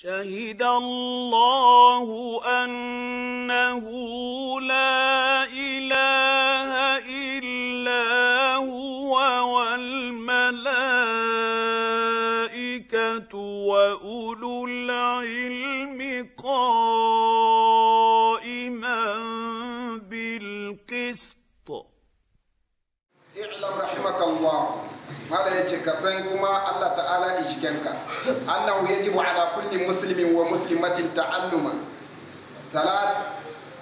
شهد الله انه لا اله الا هو والملائكه واولو العلم قائما بالقسط اعلم رحمك الله هذا يجي كسنكما الله تعالى يجكنك أنه يجب على كل مسلم ومسلمة تعلم ثلاث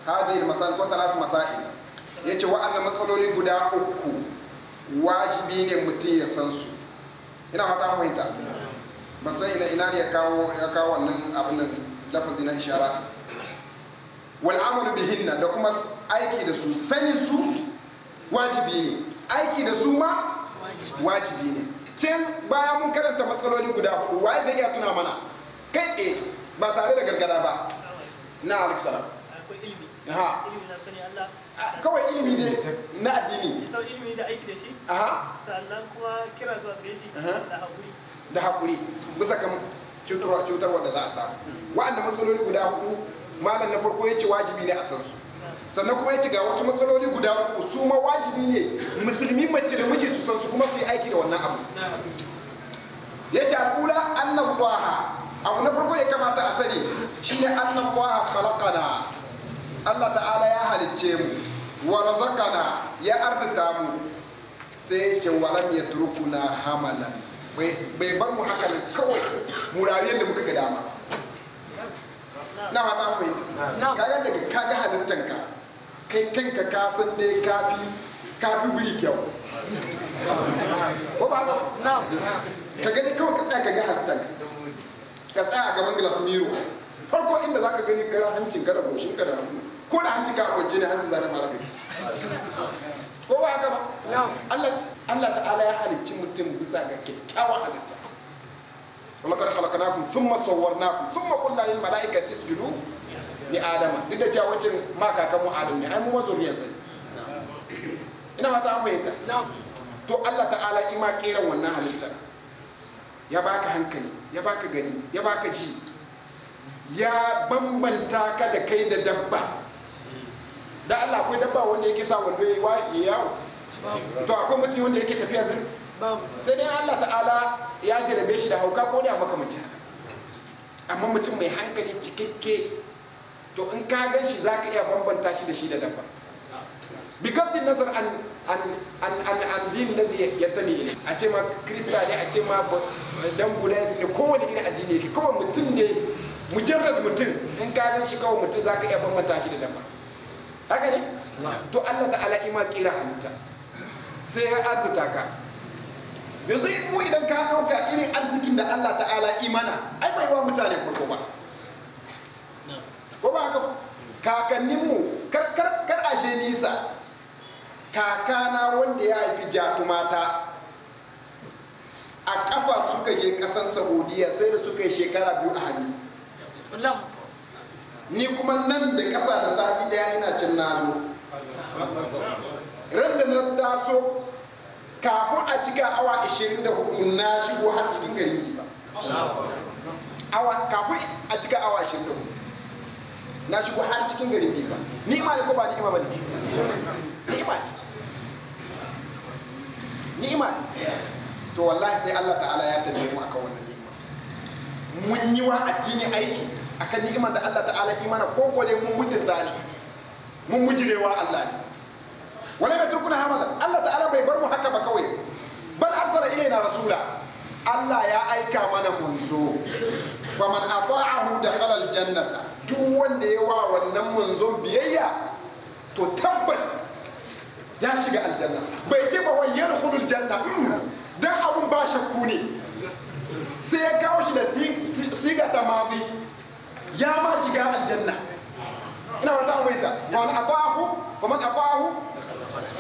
هذه المسائل وثلاث مسائل yace wa'annan matsaloli guda uku wajibi ne mutum ya san su ina fata fahimta ba sai ina ina ne ya kawo ya kawo wannan abin nan lafazi na ishara wal bihinna da kuma aiki da su sani su wajibi ne aiki da su ma wajibi ne can baya mun karanta matsaloli guda hudu waye zai iya tuna mana kai tsaye ba tare da gargada ba na alif salam ha kawai ilimi ne na addini kawai ilimi da aiki da shi aha sannan kuma kira zuwa gare shi da hakuri da hakuri bisa kan cutarwa cutarwa da za a samu Wa'anda matsaloli guda hudu malam na farko ya ce wajibi ne a san su sannan kuma ya ci ga wasu matsaloli guda uku su ma wajibi ne musulmi mace da miji su san su kuma su yi aiki da wannan abu ya ce al'ula annan abu na farko ya kamata a sani shine annan baha khalaqana Allah ta'ala ya halicce mu wa razaqana ya arzita mu sai ya ce walam yatrukuna hamalan bai bar mu haka kawai mu da muka ga dama na ma ta kaga daga kaga halittanka kai kanka ka san ne kafi kafi wuri kyau ko ba ka ka gani kawai ka tsaya ka ga halittar ka tsaya a gaban glass mirror farko inda za ka gani kara hancin ka goshin ka ko da hancin ka a kwance ne hancin za ka fara gani ko ba ka ba Allah Allah ta'ala ya halicci mutum bisa ga kyakkyawan halitta halakanakum thumma ثم thumma qulna lil malaikati isjudu Ni adama duk da cewa wancan makakan mu adam ne ai mu mazuriyar sa ina mata an fahimta to Allah ta'ala ima kiran wannan halitta ya baka hankali ya baka gani ya baka ji ya bambanta ka da kai da dabba da Allah akwai dabba wanda yake sa wando ya yi yawo to akwai mutum wanda yake tafiya zin sai dai Allah ta'ala ya jarabe shi da hauka ko a makamancin haka amma mutum mai hankali cikakke to in ka gan shi za ka iya bambanta shi da shi da dabba din nazar an an an an an din da ya tani ne a ce ma krista ne a ce ma dan bulensu ne kowane irin addini yake kawai mutum ne mujarrad mutum in ka gan shi kawai mutum za ka iya bambanta shi da dabba haka ne to Allah ta'ala ima kira halitta sai ya arzuta ka yanzu mu idan ka ɗauka irin arzikin da Allah ta'ala imana ai bai wa mutane farko ba ko ba haka kakanninmu kar kar kar aje nisa kakana wanda ya haifi mata a kafa suka je kasar saudiya sai da suka yi shekara biyu a hannu ni kuma nan da kasa da sati daya ina cin nazo ran da na taso kafin a cika awa 24 na shigo har cikin garin ba kafin a cika awa 24 na shigo har cikin garin ni'ima ni'ima ne ko ba ni'ima ba ne ni'ima ne ni'ima ne to wallahi sai Allah ta'ala ya tambaye mu akan wannan ni'ima mun yi wa addini aiki akan ni'imar da Allah ta'ala mana ko ko ne mun mutunta ne mun mujirewa Allah ne wala mai turkuna hamalan Allah ta'ala bai bar mu haka ba kawai bal arsala ilaina rasula Allah ya aika mana munzo wa man ata'ahu dakhala aljannata duk wanda ya wa wannan manzon biyayya to tabbat ya shiga aljanna bai ji ba wai yadkhulul janna mm. dan abun ba shakku ne sai ya kawo shi da siga ta mazi ya ma shiga aljanna ina wata mai ta wa man ata'ahu wa man ata'ahu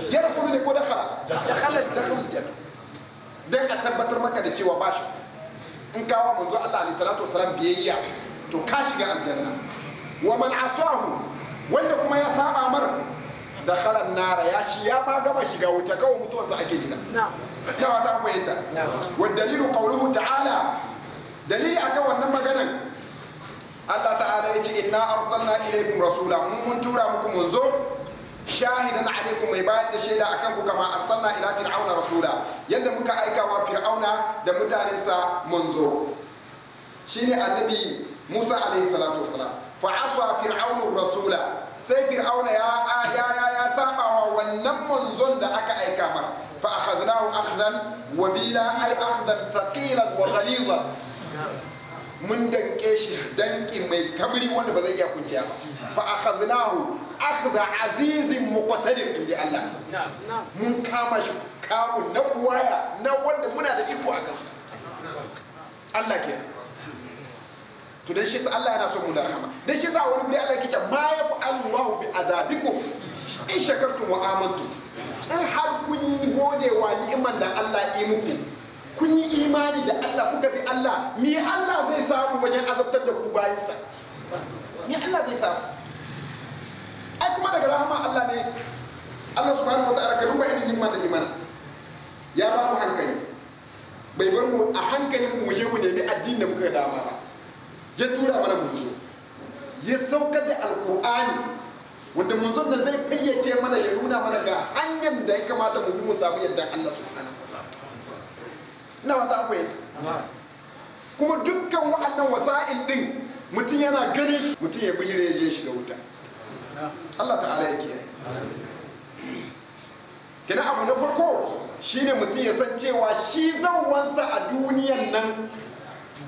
yadkhulul ko dakhala dakhala dakhala aljanna dan a tabbatar maka da cewa ba shakku in kawo manzo Allah alaihi salatu wasalam biyayya to ka shiga aljanna wa man asahu wanda kuma ya saba mar da kharan nara ya shi ya ba gaba shiga wuta kawai mutuwarsa ake jira na wata fahimta wa dalilu qawluhu ta'ala dalili akan wannan maganan Allah ta'ala ya ce inna arsalna ilaykum rasula mun tura muku manzo shahidan alaikum mai bayar da shaida akan ku kama arsalna ila fir'auna rasula yadda muka aika wa fir'auna da mutanensa manzo shine annabi Musa alaihi salatu wasalam fa asa fir'aunu rasula sai fir'auna ya ya ya saba wa wannan manzon da aka aika mar fa akhadnahu akhdan wabila ay akhdan thaqilan wa ghaliza mun danke shi danki mai kabri wanda ba zai iya kunciya ba fa akhadnahu akhda azizin muqtadir inji Allah mun kama shi kamun na waya na wanda muna da iko a kansa Allah ke to dan shi sa Allah yana son mu da rahama dan shi sa wani guri Allah yake ma ya Allahu bi adabikum in shakartum wa amantu in har kun yi wa ni'imar da Allah ya muku kun yi imani da Allah kuka bi Allah me Allah zai samu wajen azabtar da ku bayansa me Allah zai samu kuma daga rahama Allah ne Allah subhanahu wataala ka duba irin niman da imana ya ba mu hankali bai bar mu a hankalin mu je mu nemi addini da muka dama ba ya tura mana munzo ya saukar da alkur'ani wanda munzo da zai fayyace mana ya nuna mana ga hanyar da ya kamata mu bi mu samu yadda Allah subhanahu ina wata akwai kuma dukkan wa'annan wasa'il din mutum yana gani su mutum ya bijire ya je shiga wuta Allah ta'ala ya kiyaye abu na farko shine mutum ya san cewa shi zan wansa a duniyan nan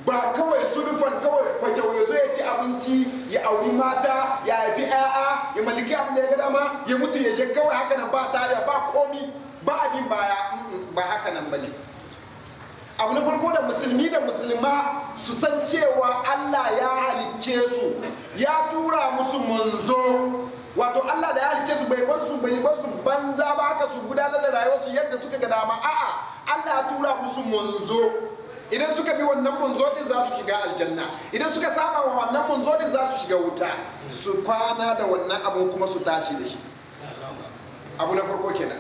ba kawai sulufan kawai kwace ya zo ya ci abinci ya auri mata ya haifi 'ya'ya ya maliki abin da ya ga dama ya mutu ya je kawai haka nan ba tare ba komi ba abin baya ba haka nan bane abu na farko da musulmi da musulma su san cewa Allah ya halicce su ya tura musu manzo wato Allah da ya halicce su bai bar su bai bar su banza ba haka su gudanar da su yadda suka ga dama a'a Allah ya tura musu manzo idan suka bi wannan manzo din za su shiga aljanna idan suka saba wa wannan manzo din za su shiga wuta su kwana da wannan abu kuma su tashi da shi abu na farko kenan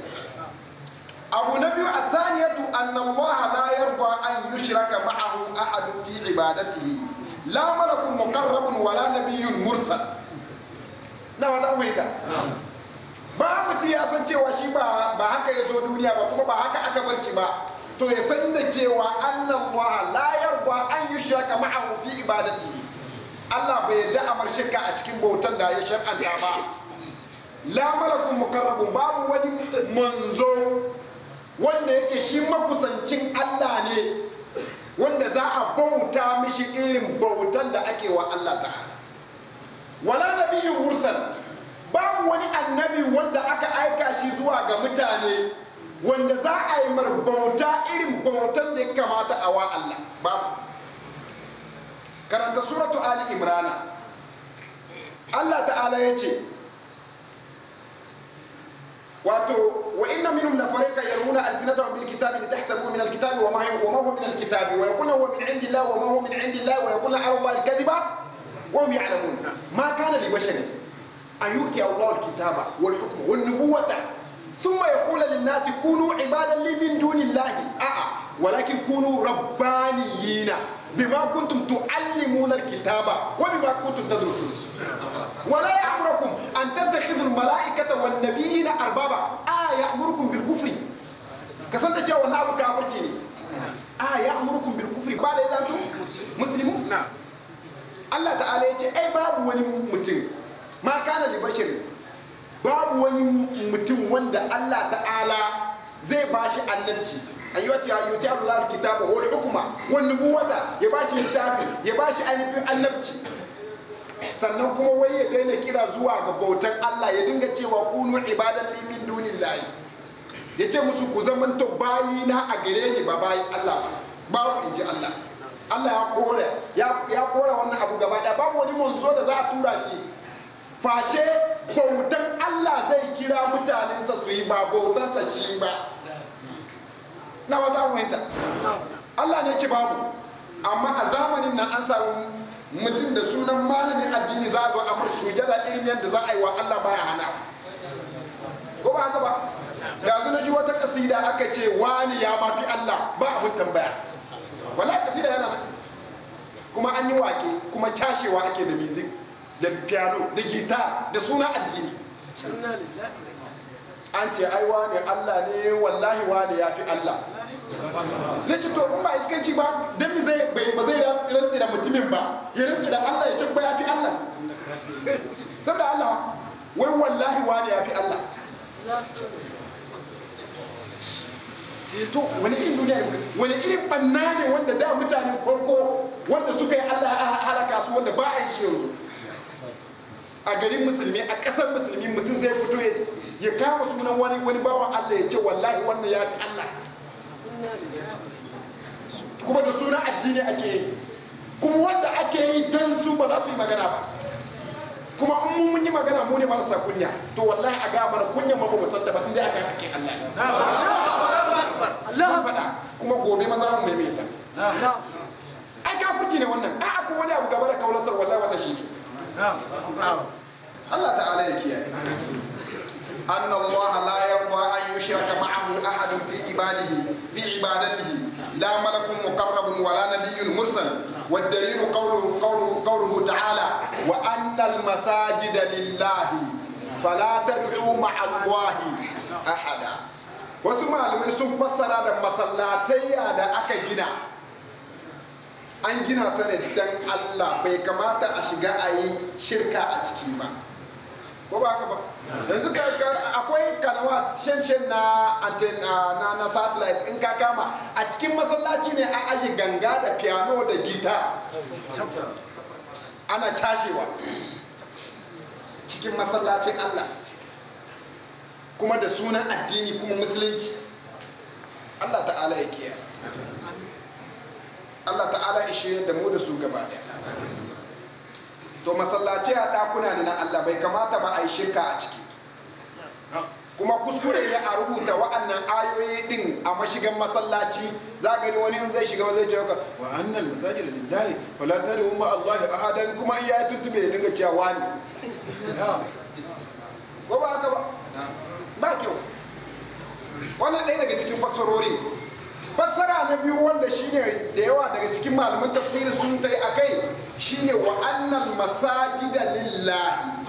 abu na biyu a thaniyatu annallaha la yarda an yushraka ma'ahu ahadun fi ibadatihi la malakun mukarrabun wala nabiyyun mursal na wata uwaita ba mutum ya san cewa shi ba haka ya zo duniya ba kuma ba haka aka barci ba to ya san da cewa annallaha la yarda an yushraka ma'ahu fi ibadatihi Allah bai yarda a marshirka a cikin bautan da ya shar'anta ba la malakun muqarrabun babu wani manzo wanda yake shi makusancin Allah ne wanda za a bauta mishi irin bautan da ake wa Allah ta wala nabiyin mursal babu wani annabi wanda aka aika shi zuwa ga mutane wanda za a yi bauta irin bautan da ya kamata a wa Allah babu karanta suratu ali imrana Allah ta'ala ya ce واتو وان منهم لفريق يلوون السنتهم بالكتاب لتحسبوه من الكتاب وما هو وما هو من الكتاب ويقولون هو من عند الله وما هو من عند الله ويقولون على الله الكذبه وهم يعلمون ما كان لبشر ان يؤتي الله الكتاب والحكم والنبوه ثم يقول للناس كونوا عبادا لي من دون الله آه, آه. ولكن كونوا ربانيين بما كنتم تعلمون الكتاب وبما كنتم تدرسون ولا يأمركم an tattakhidhu almalaikata wan nabiyina arbaba a ya'murukum bil kufri ka san da cewa wannan abu kafirci ne a ya'murukum kufri ba da yanzu Allah ta'ala ya ce ai babu wani mutum ma kana bashirin babu wani mutum wanda Allah ta'ala zai bashi annabci ayyuti ayyuti Allah kitaba wal hukuma ya bashi littafi ya bashi ainihin annabci sannan kuma wai ya daina kira zuwa ga bautan Allah ya dinga cewa kunu ibadan limin dunin layi ya ce musu ku to bayi na a gare ni ba bayi Allah ba babu in ji Allah Allah ya kore ya kore wannan abu gaba da babu wani manzo da za a tura shi face bautan Allah zai kira mutanensa su yi ba bautansa shi ba na wata wanda Allah ne ci babu amma a zamanin nan an samu mutum da sunan malamin addini za zo a mursu jada irin yadda za a yi wa Allah baya hana ko ba ba da na ji wata kasida aka ce wani ya mafi Allah ba hutun baya wala kasida yana kuma an yi wake kuma cashewa ake da music da piano da gita da suna addini an ce ai wani Allah ne wallahi wani ya fi Allah na ce to in ba iskanci ba dan mi zai ba zai rantse da mutumin ba ya rantse da Allah ya ce ya fi Allah saboda Allah wai wallahi wani ya fi Allah to wani irin duniya ne wani irin banna ne wanda da mutanen farko wanda suka yi Allah a halaka su wanda ba a yi shi yanzu a garin musulmi a ƙasar musulmi mutum zai fito ya kama sunan wani wani bawan Allah ya ce wallahi wannan ya fi Allah kuma da suna addini ake yi kuma wanda ake yi don su ba za su yi magana ba kuma mu mun yi magana mu ne marasa kunya to wallahi a ga mana kunya ma ba san ta ba inda aka ake Allah faɗa kuma gobe ma za mu maimaita ai kafirci ne wannan a akwai wani abu gaba da kaulasar wallahi wannan shi ne Allah ta'ala ya kiyaye أن الله لا يرضى أن يشرك معه أحد في عباده في عبادته لا ملك مقرب ولا نبي مرسل والدليل قوله قوله, قوله تعالى وأن المساجد لله فلا تدعوا مع الله أحدا wasu malamai sun fassara da masallatayya da aka gina an gina ta ne don allah bai kamata a shiga a yi shirka a ciki ba ko ba ka ba yanzu akwai kanawa shan na ah, na na satellite in ka kama a cikin masallaci ne a aji ganga da piano da gita ana cashewa cikin masallacin allah kuma da sunan addini kuma musulunci allah ta'ala ya kiya allah ta'ala ya shirya da mu da su gaba to masallaci a dakuna ne na allah bai kamata ba a yi shirka a ciki kuma kuskure ne a rubuta wa'annan ayoyi din a mashigan masallaci za gani wani in zai shiga zai cewa ka wa annal masajid lillahi wa la tad'u ma allahi ahadan kuma iya yayi tuntube ya dinga cewa ne ko ba haka ba ba kyau wannan ɗaya daga cikin fasarori fassara na biyu wanda shine da yawa daga cikin malaman tafsiri sun tai akai shine wa annal masajida lillahi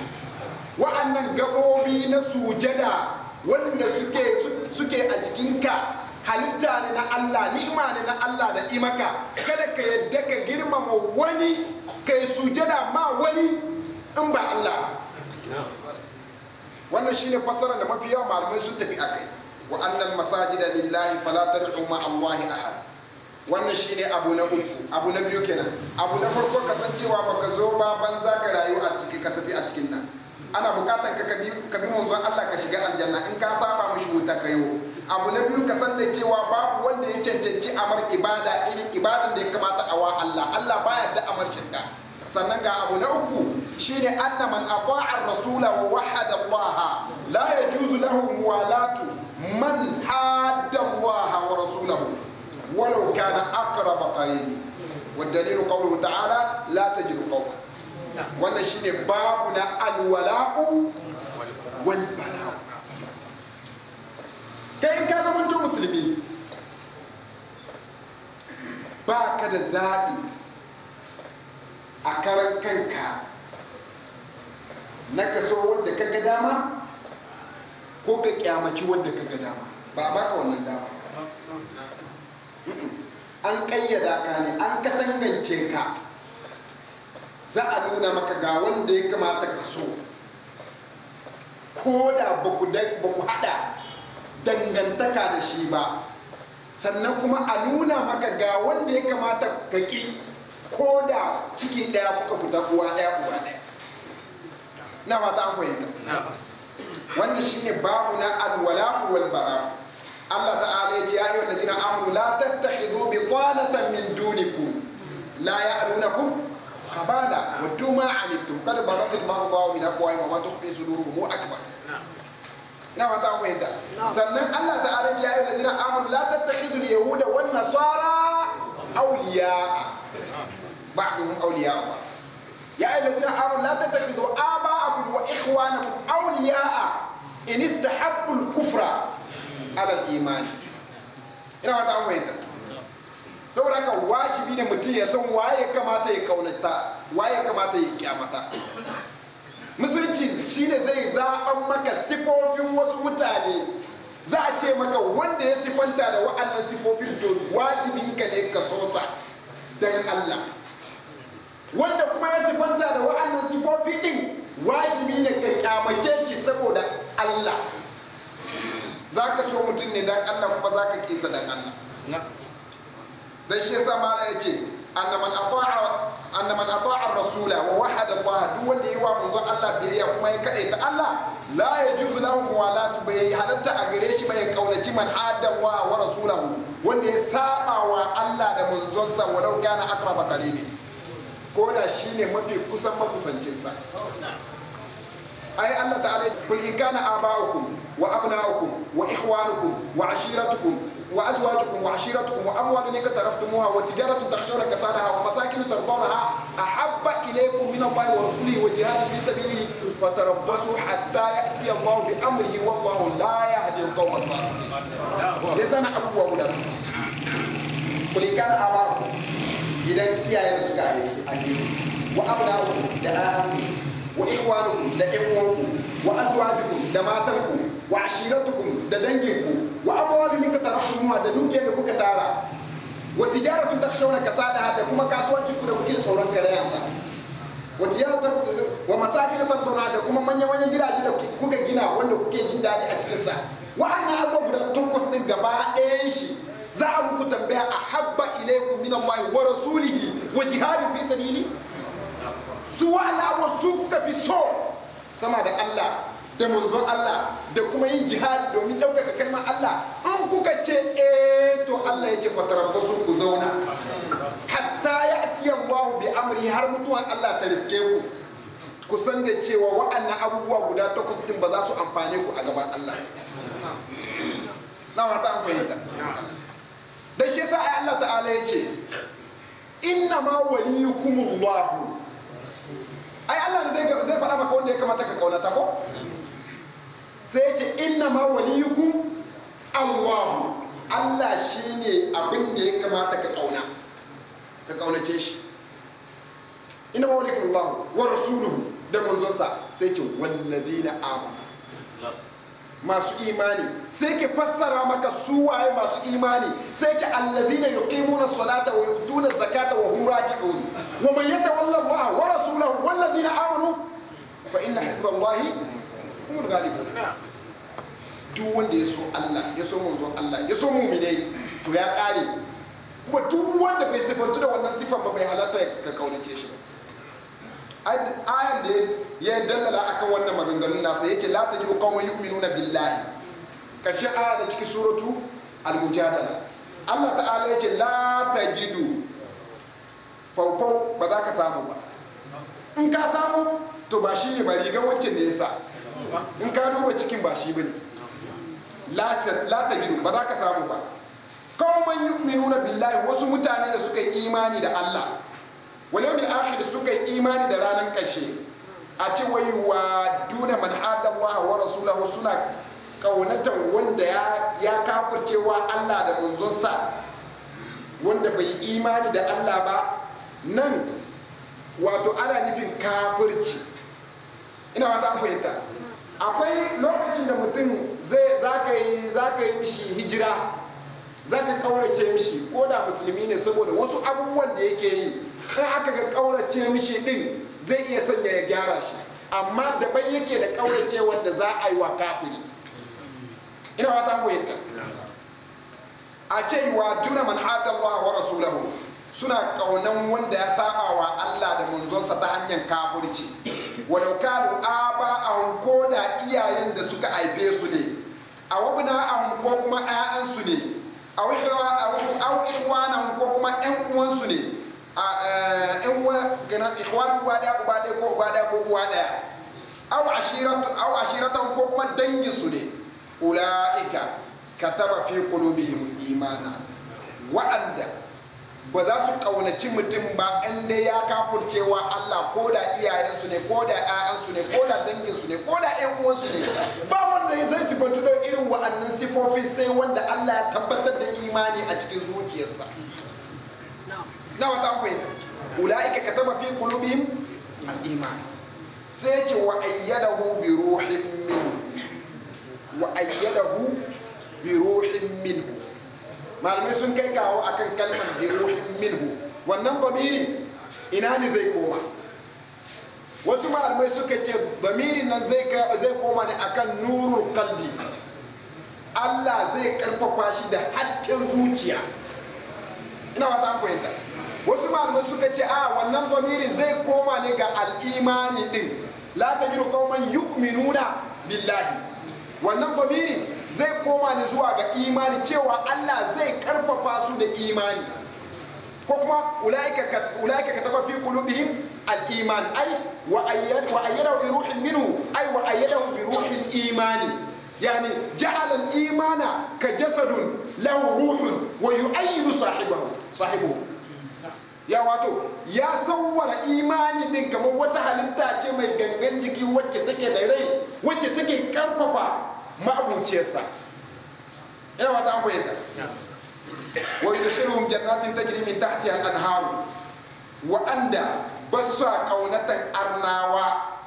wa'annan gaɓoɓi na sujada wanda suke suke a jikinka halitta ne na Allah ni'ima ne na Allah da imaka kada ka yadda ka girmama wani ka yi sujada ma wani in ba Allah wannan shine fassara da mafi yawa malamai sun tafi a kai wa annal masajida lillahi fala tad'u ma Allahi ahad wannan shine abu na uku abu na biyu kenan abu na farko kasancewa baka zo ba banza ka rayu a ciki ka tafi a cikin nan ana bukatar ka ka bi manzon Allah ka shiga aljanna in ka saba mishi wuta kayo abu na biyu ka san da cewa babu wanda ya cancanci amar ibada irin ibadan da ya kamata a wa Allah Allah baya da amar shirka sannan ga abu na uku shine anna man ata'a rasula wa wahada Allah la yajuzu lahu muwalatu man hadda Allah wa rasulahu walau kana aqrab qarini والدليل قوله تعالى لا تجد قوما wannan shine babu na alwala'u wal bara'u kai ka zama to musulmi ba ka da zaɓi a karan kanka na kaso wanda ka ga dama ko ka kyamaci wanda ka ga dama ba a baka wannan dama an kayyada ka ne an katangance ka za a nuna maka ga wanda ya kamata ka so ko da ba ku haɗa dangantaka da shi ba sannan kuma a nuna maka ga wanda ya kamata ka ƙi ko da ciki ɗaya kuka fita uwa ɗaya uwa daya na fata an fahimta wannan shine babu na alwala wal bara Allah ta'ala ya ce ya yi ayyuhal ladina amanu la tattakhidu bi tanatan min dunikum la ya'lunakum خبالة وانتم ما علمتم قال برد المرضى ومن أفواههم وما تخفي صدورهم هو أكبر نعم نعم نعم نعم سنة الله تعالى يا أيها الذين آمنوا لا تتخذوا اليهود والنصارى أولياء بعضهم أولياء يا أيها الذين آمنوا لا تتخذوا آباءكم وإخوانكم أولياء إن استحبوا الكفر على الإيمان نعم هذا saboda haka wajibi ne mutum ya san waye kamata ya kaunata waye kamata ya kyamata musulunci shine zai zaɓan maka sifofin wasu mutane za a ce maka wanda ya sifanta da wa'annan sifofin to ka ne ka sosa don Allah wanda kuma ya sifanta da wa'annan sifofi din wajibi ne ka kyamace shi saboda Allah za ka so mutum ne don Allah kuma za ka kisa don Allah dan shi yasa mala yace anna man ata'a anna man ata'a rasula wa wahada Allah duk wanda yi wa manzon Allah biyayya kuma ya kade ta Allah la yajuzu lahu muwalatu bai halatta a gare shi bai kaunaci man adda wa wa rasulahu wanda ya saba wa Allah da manzon sa walau kana aqraba ne. ko da shine mafi kusan makusancin sa ai Allah ta'ala kul in kana aba'ukum wa abna'ukum wa ikhwanukum wa ashiratukum وأزواجكم وعشيرتكم وأموال اقترفتموها وتجارة تخشون كسادها ومساكن ترضونها أحب إليكم من الله ورسوله وجهاد في سبيله فتربصوا حتى يأتي الله بأمره والله لا يهدي القوم الفاسقين. يزن أبو وأولاد قل كان آباؤكم إذا إياه يمسك عليك أهلكم وأبناؤكم لآبكم وإخوانكم لإخوانكم وأزواجكم لماتكم وعشيرتكم لدنجكم wa amwalin ka tarahtumuha da dukiyar da kuka tara wa tijaratun takshawna kasada da kuma kasuwanci ku da kuke tsoron karayansa wa tijaratan wa masakin tarduna da kuma manyan manyan gidaje da kuka gina wanda kuke jin daɗi a cikin sa wa'annan abubuwa guda takwas din gaba ɗayan shi za a muku tambaya a habba ilaikum min Allah wa rasulihi wa jihadin fi sabili su wa'annan abubuwa su kuka fi so sama da Allah da manzon Allah da kuma yin jihadi domin ɗaukaka kalmar Allah in kuka ce eh to Allah ya ce su ku zauna hatta ya atiya Allahu bi amri har mutuwan Allah ta riske ku ku san da cewa wa'annan abubuwa guda takwas din ba za su amfane ku a gaban Allah na wata amfani fahimta da shi sa ai Allah ta'ala ya ce inna ma waliyukumullahu ai Allah ne zai faɗa maka wanda ya kamata ka kaunata ko sai ce inna ma waliyukum Allahu Allah shine abin da ya kamata ka kauna ka kaunace shi inna ma waliyukum Allahu wa rasuluhu da manzonsa sai ce wallazina amanu masu imani sai ke fassara maka su waye masu imani sai ki alladhina yuqimuna salata wa yu'tuna zakata wa hum raki'un wa man yatawalla Allah wa rasulahu walladhina amanu fa inna hizballahi kuma galibu duk wanda ya so Allah ya so manzon Allah ya so mu'minai to ya kare kuma duk wanda bai sifantu da wannan sifan ba bai halatta ka kaunace shi ba ayan da ya dallala akan wannan maganganun nasa yace la tajidu qauman yu'minuna billahi karshe aya da cikin suratu al-mujadala Allah ta'ala yace la tajidu faufau ba za ka samu ba in ka samu to ba shi ne ba rigar wancan ne ya sa in ka duba cikin ba shi bane la gidu ba za ka samu ba kawman yu'minuna billahi wasu mutane da suka yi imani da Allah wani yawmil akhir suka yi imani da ranar kashe a ce wai wa duna man adallaha wa rasulahu suna kaunatan wanda ya ya kafircewa Allah da manzonsa wanda bai imani da Allah ba nan wato ana nufin kafirci ina wata fahimta akwai lokacin da mutum zai zaka yi zaka yi mishi hijira zaka kaurace mishi ko da musulmi ne saboda wasu abubuwan da yake yi in aka ga kaurace mishi din zai iya sanya ya gyara shi amma daban yake da kaurace wanda za a yi wa kafiri ina wata goyinta a ce wa juna man adallah wa rasulahu suna kaunan wanda ya saba wa Allah da manzonsa ta hanyar kafirci walau kanu an ko da iyayen da suka haife su ne a an ko kuma su ne a an ko kuma 'yan uwansu ne a yan eh, uwa gana ihwan uwa da uba da ko uba da ko uwa da aw ashiratu aw ashiratan ko kuma dangi su ne ulaika kataba fi qulubihim imana wa'anda ba za su kaunaci mutum ba in dai ya kafurcewa Allah ko da iyayensu ne ko da ƴaƴansu ne ko da danginsu ne ko da ƴan uwansu ne ba wanda zai sifantu da irin wa'annan sifofin sai wanda Allah ya tabbatar da imani a cikin zuciyarsa na wata kwaita ula'ika kataba fi qulubihim al-iman sai yake wa ayyadahu bi min wa ayyadahu bi ruhin malamai sun kai kawo akan kalmar bi ruhin minhu wannan domirin ina ne zai koma wasu malamai suka ce domirin nan zai koma ne akan nuru kalbi Allah zai karfafa shi da hasken zuciya ina wata an fahimta wasu malamai suka ce a ah, wannan domirin zai koma ne ga al'imani din la man qauman nuna billahi wannan domirin zai koma ni zuwa ga imani cewa Allah zai karfafa su da imani ko kuma ulaika ka taba fi qulubihim al-iman ai wa ayyad wa ayyadahu bi ruhin minhu ai wa ayyadahu bi ruhin imani yani ja'ala al-imana ka jasadun lahu ruhun wa yu'ayyidu sahibahu sahibu ya wato ya sawwara imani din kamar wata halitta ce mai gangan jiki wacce take da rai wacce take karfafa ma'abuciyarsa ina mata an fahimta wa yudkhiluhum jannatin tajri min tahtiha al-anhar wa'anda ba su kaunatan arnawa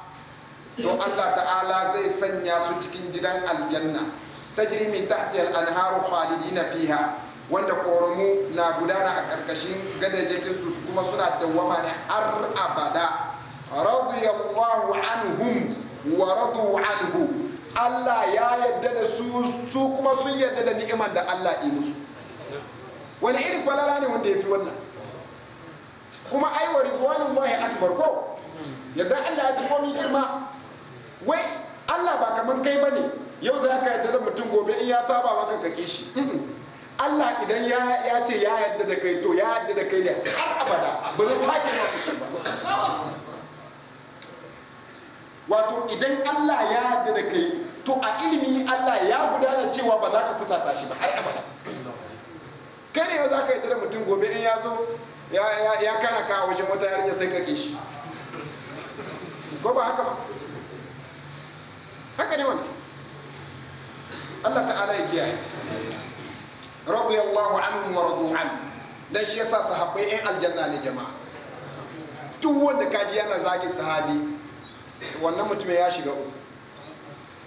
to Allah ta'ala zai sanya su cikin gidan aljanna tajri min tahtiha al-anhar khalidina fiha wanda koromu na gudana a karkashin gadajakin su kuma suna da ne har abada radiyallahu anhum wa radu anhu Allah ya yadda da su su kuma sun yadda da ni'imar da Allah ya musu wani irin falala ne wanda ya fi wannan kuma ai wa ridwanun ya akbar ko yadda Allah ya fi komi girma wai Allah ba kaman kai bane yau za ka yadda da mutum gobe in ya saba maka kake shi Allah idan ya ce ya yadda da kai to ya yadda da kai ne har abada ba zai sake ba wato idan Allah ya yarda da kai to a ilimi Allah ya gudana cewa ba za ka fusata shi ba har abada kai ne za ka yarda da mutum gobe in ya zo ya kana ka wajen wata yarinya sai ka shi ko ba haka ba haka ne wannan Allah ta'ala ya kiyaye radiyallahu anhum wa radu an dan shi yasa sahabbai ɗan aljanna ne jama'a duk wanda kaji yana zagi sahabi wannan mutum ya shiga uku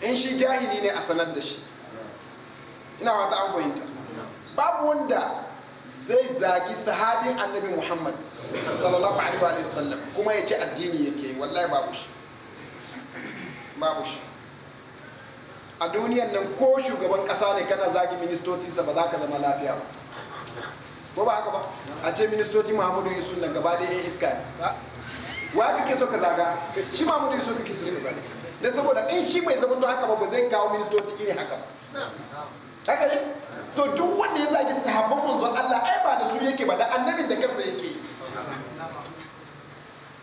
in shi jahili ne a sanar da shi ina wata an fahimta babu wanda zai zagi sahabin annabi muhammad sallallahu alaihi wa sallam kuma ya ce addini yake wallahi babu shi babu shi a duniyan nan ko shugaban kasa ne kana zagi ministoci sa ba za ka zama lafiya ba ko ba haka ba a ce ministoci muhammadu yusuf nan gaba da ya iska ne wa kake so ka zaga shi Mahmud Yusuf kake so ka zaga dan saboda in shi bai zama to haka ba ba zai kawo ministoci iri haka ba haka ne to duk wanda ya zagi sahabban manzon Allah ai ba da su yake ba da annabin da kansa yake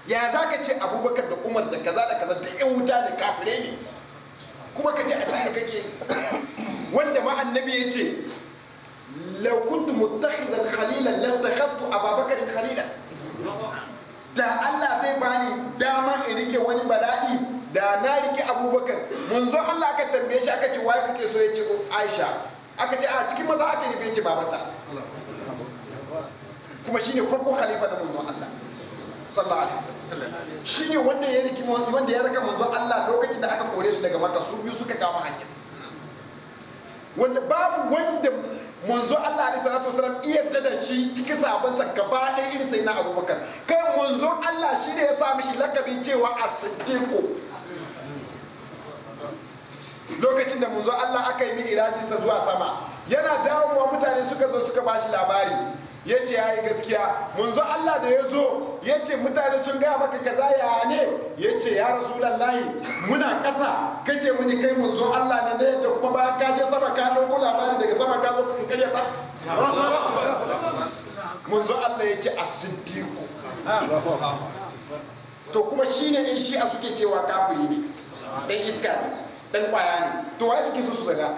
ya za ka ce abubakar da umar da kaza da kaza da yan wuta da kafire ne kuma ka ce a addini kake yi wanda ma annabi ya ce lau kuntu muttakhidan khalilan lan takhadtu ababakar khalilan da Allah zai bani dama in rike wani bala'i da na rike abubakar munzo Allah aka tambaye shi aka ce wai kake so ya ce oh, Aisha aka ce a cikin maza aka nufi ce babata. kuma shine farko khalifa da munzo Allah sallallahu alaihi wasallam shine wanda ya riki wanda ya raka munzo Allah lokacin da aka kore su daga Makka su biyu suka kama hanya wanda babu wanda manzo Allah alaihi salatu wasallam iya da shi cikin sahabbansa gaba ɗaya irin sai na abubakar kai manzo Allah shi ne ya sa mishi lakabi cewa a siddiqu lokacin da manzo Allah aka yi mi irajinsa zuwa sama yana dawowa mutane suka zo suka bashi labari ya ce ya yi gaskiya munzo Allah da ya zo ya ce mutane sun gaya maka kaza ya ne ya ce ya lallahi muna ƙasa kake muni kai munzo Allah na ne da kuma bayan kaje sama ka ɗauko labari daga sama ka zo ka karya ta munzo Allah ya ce as-siddiqu to kuma shine in shi a suke cewa kafiri ne dan iska ne dan kwaya ne to wai suke so su zaga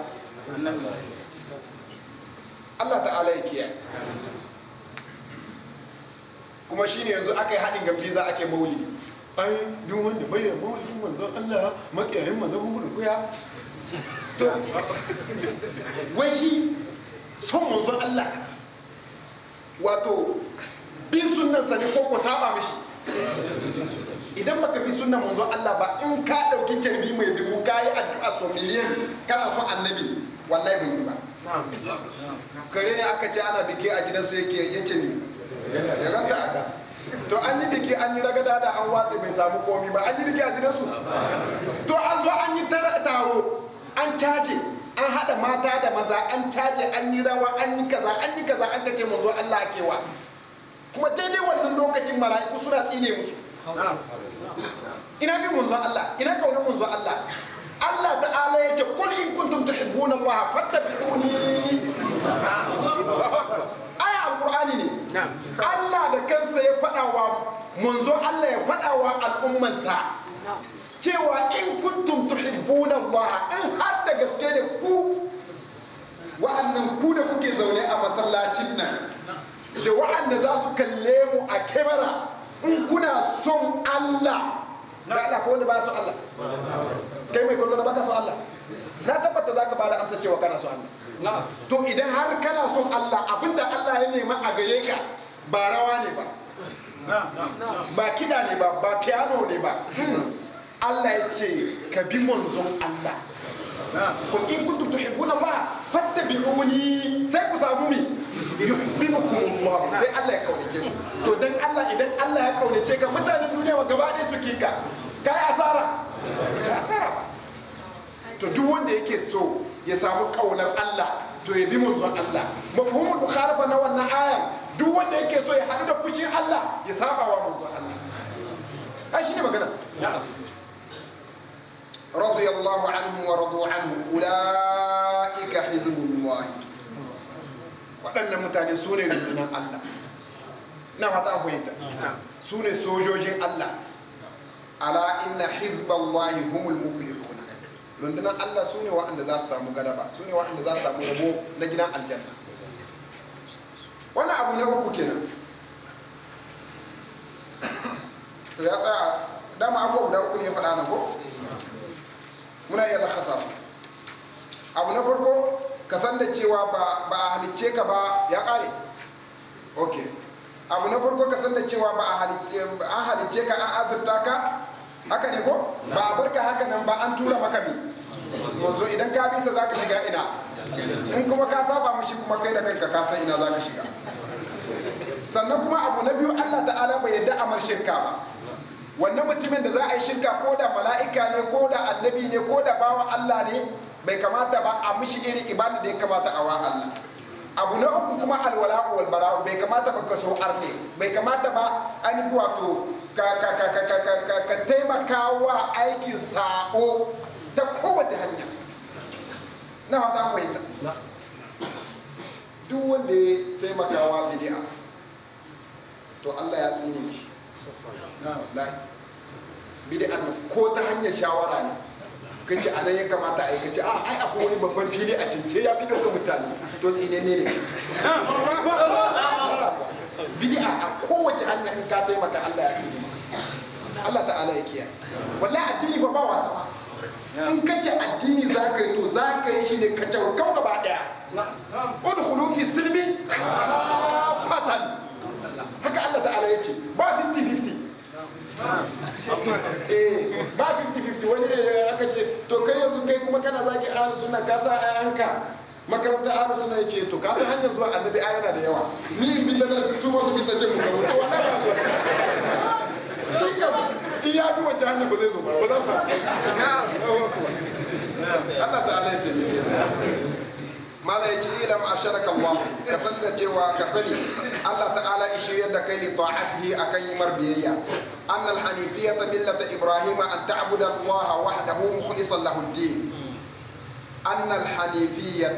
Allah ta'ala ya kiyaye kuma shine yanzu aka yi haɗin gambiza ake maulidi ai duk wanda bai da maulidin manzo Allah makiyayin manzon Muhammadu kuya to wai shi son manzo Allah wato bin sunnan sa ne ko ko saba mishi idan baka bi sunnan manzo Allah ba in ka dauki carbi mai dubu yi addu'a so miliyan kana son annabi wallahi bai yi ba kare ne aka ce ana biki a gidansu yake yace ne ya ranta a gas to an yi biki an yi ragada da an watse bai samu komi ba an yi biki a su to an zo an yi taro an caje an haɗa mata da maza an caje an yi rawa an yi kaza an yi kaza an kace mun zo Allah kewa kuma daidai wannan lokacin mala'iku suna tsine musu ina bi mun zo Allah ina kaunar zo Allah Allah ta'ala ya ce kul in kuntum tuhibbuna Allah fattabi'uni manzo Allah ya faɗa wa al'ummarsa cewa in kuntum tuhibbuna Allah in har da gaske ne ku wa'annan ku da kuke zaune a masallacin nan da wa'anda za su kalle mu a kamera in kuna son Allah da Allah ko wanda ba son Allah kai mai kallo da baka son Allah na tabbata za zaka bada amsa cewa kana son Allah to idan har kana son Allah abinda Allah ya nema a gare ka ba rawa ne ba ba kiɗa ne ba ba piano ne ba Allah ya ce ka bi manzon Allah kun in kuntum tuhibbuna ma fattabi'uni sai ku samu mi yuhibbukum Allah sai Allah ya kaunace ku to dan Allah idan Allah ya ce, ka mutanen duniya ba gaba ɗaya su ka kai asara kai asara ba to duk wanda yake so ya samu kaunar Allah to ya bi manzon Allah mafhumul mukhalafa na wannan aya duk wanda yake so ya hadu da fushin Allah ya saba wa manzon Allah ai magana sojojin Allah ala inna hizballahi humul rundunar Allah su ne wa'anda za su samu galaba su ne wa'anda za su samu rabo na gidan aljanna wani abu na uku kenan to ya tsaya dama abubuwa guda uku ne ya faɗa na ko muna iya lakasa su abu na farko ka san da cewa ba a halicce ka ba ya ƙare ok abu na farko ka san da cewa ba a halicce ka an azurta ka haka ne ko ba a barka haka nan ba an tura maka ne wanzo idan ka bisa za ka shiga ina in kuma ka saba mushi kuma kai da kanka ka san ina za ka shiga sannan kuma abu na biyu allah ta'ala bai yadda amar shirka ba wannan mutumin da za a yi shirka ko da mala'ika ne ko da annabi ne ko da bawan allah ne bai kamata ba a mushi irin ibada da ya kamata a wa allah abu na uku kuma alwala'u wal bara'u bai kamata ba kaso arde bai kamata ba an wato ka ka ka ka ka ka ka taimaka wa aikin sa'o ta kowace hanya na hata ta duk wanda ya taimaka wa bid'a to Allah ya tsine shi wallahi bid'a ko ta hanyar shawara ne kai ce anan ya kamata a yi kace a ah, ai akwai wani babban fili a cince ya fi ɗaukar mutane to tsine ne ne bid'a a kowace hanya in ka taimaka Allah ya tsine maka Allah ta'ala ya kiyaye wallahi addini fa ba wasa ba in ka ce addini za ka yi to za ka yi shi ne ka kau gaba daya udkhulu fi silmi fatan haka Allah ta'ala ya ce ba 50 50 Eh, ba 50-50 wani ne aka ce to kai yanzu kai kuma kana zaki ahlus sunna ka sa ayanka makaranta ahlus sunna yace to ka san hanyar zuwa annabi ayana da yawa ni bi ta su ba su bi ta ce mu karu to wannan ba zuwa shi kam in ya bi wacce hanyar ba zai zo ba ba za su Allah ta'ala ya taimake mala ya ce ilam asharaka Allah ka san da cewa ka sani Allah ta'ala ya shiryar da kai li ta'atihi akan yi marbiyayya أن الحنيفية ملة إبراهيم أن تعبد الله وحده مخلصا له الدين أن الحنيفية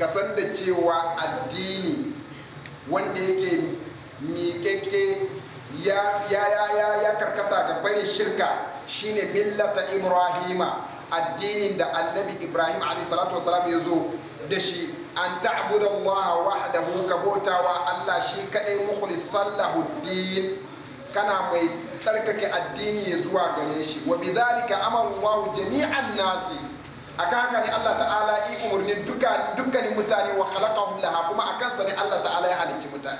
كسند cewa addini wanda yake miƙeƙe ya ya ya ya karkata ga bari shirka shine millata ibrahima addinin da annabi ibrahim alayhi ya zo da shi an ta'budu allaha wahdahu ka botawa allah shi kadai mukhlisan lahu kana mai tsarkake addini ya zuwa gare shi wa bidhalika amarallahu jami'an nasi akan haka ne Allah ta'ala yi umarnin dukkanin mutane wa khalaqahum laha kuma akan sa ne Allah ta'ala ya halicci mutane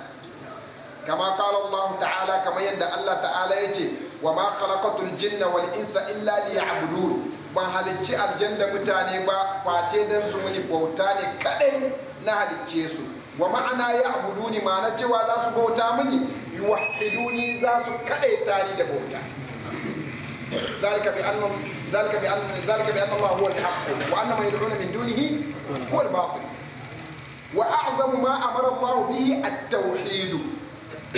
kama qala Allah ta'ala kama yadda Allah ta'ala ya ce wa ma khalaqatul jinna wal insa illa liya'budun ban halicci aljanna mutane ba face dan su muni bauta ne kadai na halicce su wa ma'ana ya abuduni ma'ana cewa za su bauta mini yuwahiduni za su kadaita ni da bauta zalika bi annahu zalika bi annahu zalika bi annahu huwa wa anna ma yad'una min dunihi huwa al-batil wa a'zamu ma amara Allah bihi at-tauhid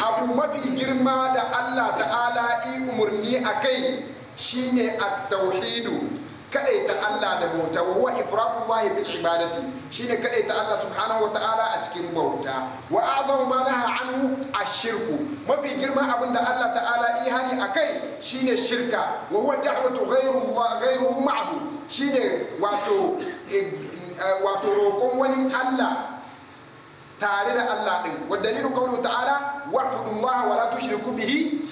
abu mafi girma da Allah ta'ala i umurni akai shine at-tauhidu ta Allah da bauta wa huwa ifradullahi bil ibadati shine ta Allah subhanahu ta'ala a cikin bauta wa a'zamu ma laha anhu ash-shirku mafi girma abinda Allah ta'ala ihani akai shine shirka wa huwa da'watu ghayru ghayruhu ma'ahu shine wato eh, eh, wato roƙon wani Allah tare da Allah din wa dalilu qawlu ta'ala wa'budu Allah wa la tushriku bihi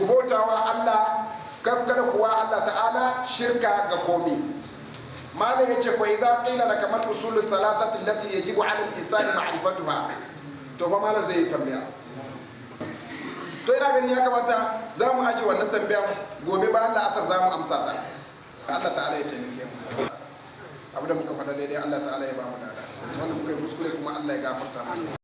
ku bautawa Allah kankana kuwa Allah ta'ala shirka ga komi mala ya ce fai za ƙila da kamar usulun talatatin lati ya jibu alal isani ma'arifatuwa to fa mala zai yi tambaya to ina gani ya kamata za mu aji wannan tambayan gobe ba da asar za mu amsa ta Allah ta'ala ya taimake mu abu da muka faɗa daidai Allah ta'ala ya ba mu dada wanda muka yi kuskure kuma Allah ya gafarta mana